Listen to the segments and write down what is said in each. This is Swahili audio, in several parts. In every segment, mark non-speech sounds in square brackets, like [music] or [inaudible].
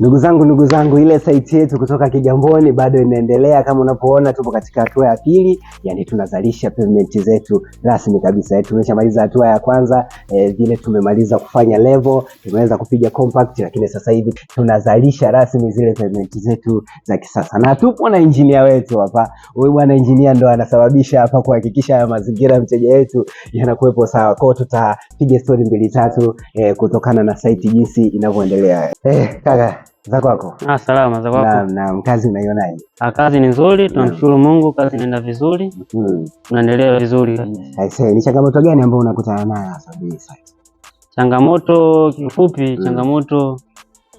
Ndugu zangu ndugu zangu, ile saiti yetu kutoka Kigamboni bado inaendelea. Kama unapoona, tupo katika hatua ya pili, yani tunazalisha pavement zetu rasmi kabisa. Eh, tumeshamaliza hatua ya kwanza eh, vile tumemaliza kufanya level, tumeweza kupiga compact, lakini sasa hivi tunazalisha rasmi zile pavement zetu za kisasa, na tupo na engineer wetu hapa. Huyu bwana engineer ndo anasababisha hapa kuhakikisha haya mazingira mteja wetu yanakuwepo sawa. Kwa hiyo tutapiga story mbili tatu e, kutokana na saiti jinsi inavyoendelea eh, kaka za kwako? Ah, salama za kwako. Na, naam, kazi unaionaje? Ah, kazi ni nzuri, tunamshukuru Mungu, kazi inaenda vizuri. Mm. Tunaendelea vizuri. I say, ni changamoto gani ambayo unakutana nayo hasa hivi? Changamoto kifupi, mm. changamoto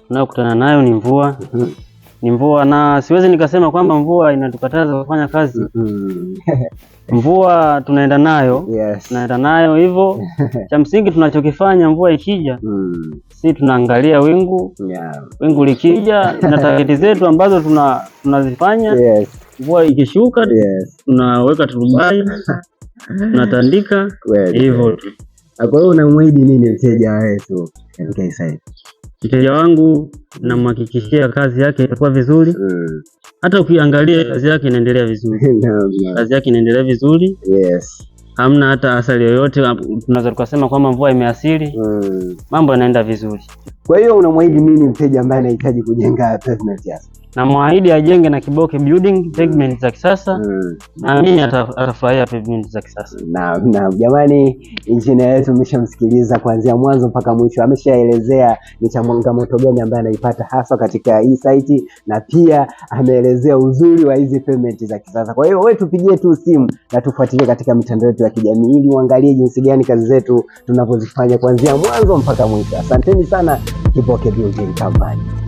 tunayokutana nayo ni mvua. Mm-hmm ni mvua, na siwezi nikasema kwamba mvua inatukataza kufanya kazi [laughs] mvua tunaenda nayo yes. Tunaenda nayo hivyo [laughs] cha msingi tunachokifanya mvua ikija mm. si tunaangalia wingu yeah. Wingu likija na tageti zetu ambazo tuna tunazifanya yes. Mvua ikishuka yes. tunaweka turubai tunatandika hivyo. Ah, kwa hiyo unamwahidi nini mteja wetu? Mteja wangu namhakikishia mm. kazi yake itakuwa vizuri mm. Hata ukiangalia mm. kazi yake inaendelea vizuri [laughs] Kazi yake inaendelea vizuri yes. Hamna hata athari yoyote, tunaweza tukasema kwamba mvua imeasili mm. Mambo yanaenda vizuri. Kwa hiyo unamwahidi nini mteja ambaye anahitaji kujenga pavement yake? Namwahidi ajenge na Kiboke Building pavement za kisasa, mm. mimi atafurahia pavement za kisasa. Naam, naam. Jamani, engineer wetu ameshamsikiliza kuanzia mwanzo mpaka mwisho, ameshaelezea ni changamoto gani ambaye anaipata hasa katika hii site, na pia ameelezea uzuri wa hizi pavement za kisasa. Kwa hiyo wewe tupigie tu simu na tufuatilie katika mitandao yetu ya kijamii ili uangalie jinsi gani kazi zetu tunapozifanya kuanzia mwanzo mpaka mwisho. Asanteni sana. Kipoke Building Company.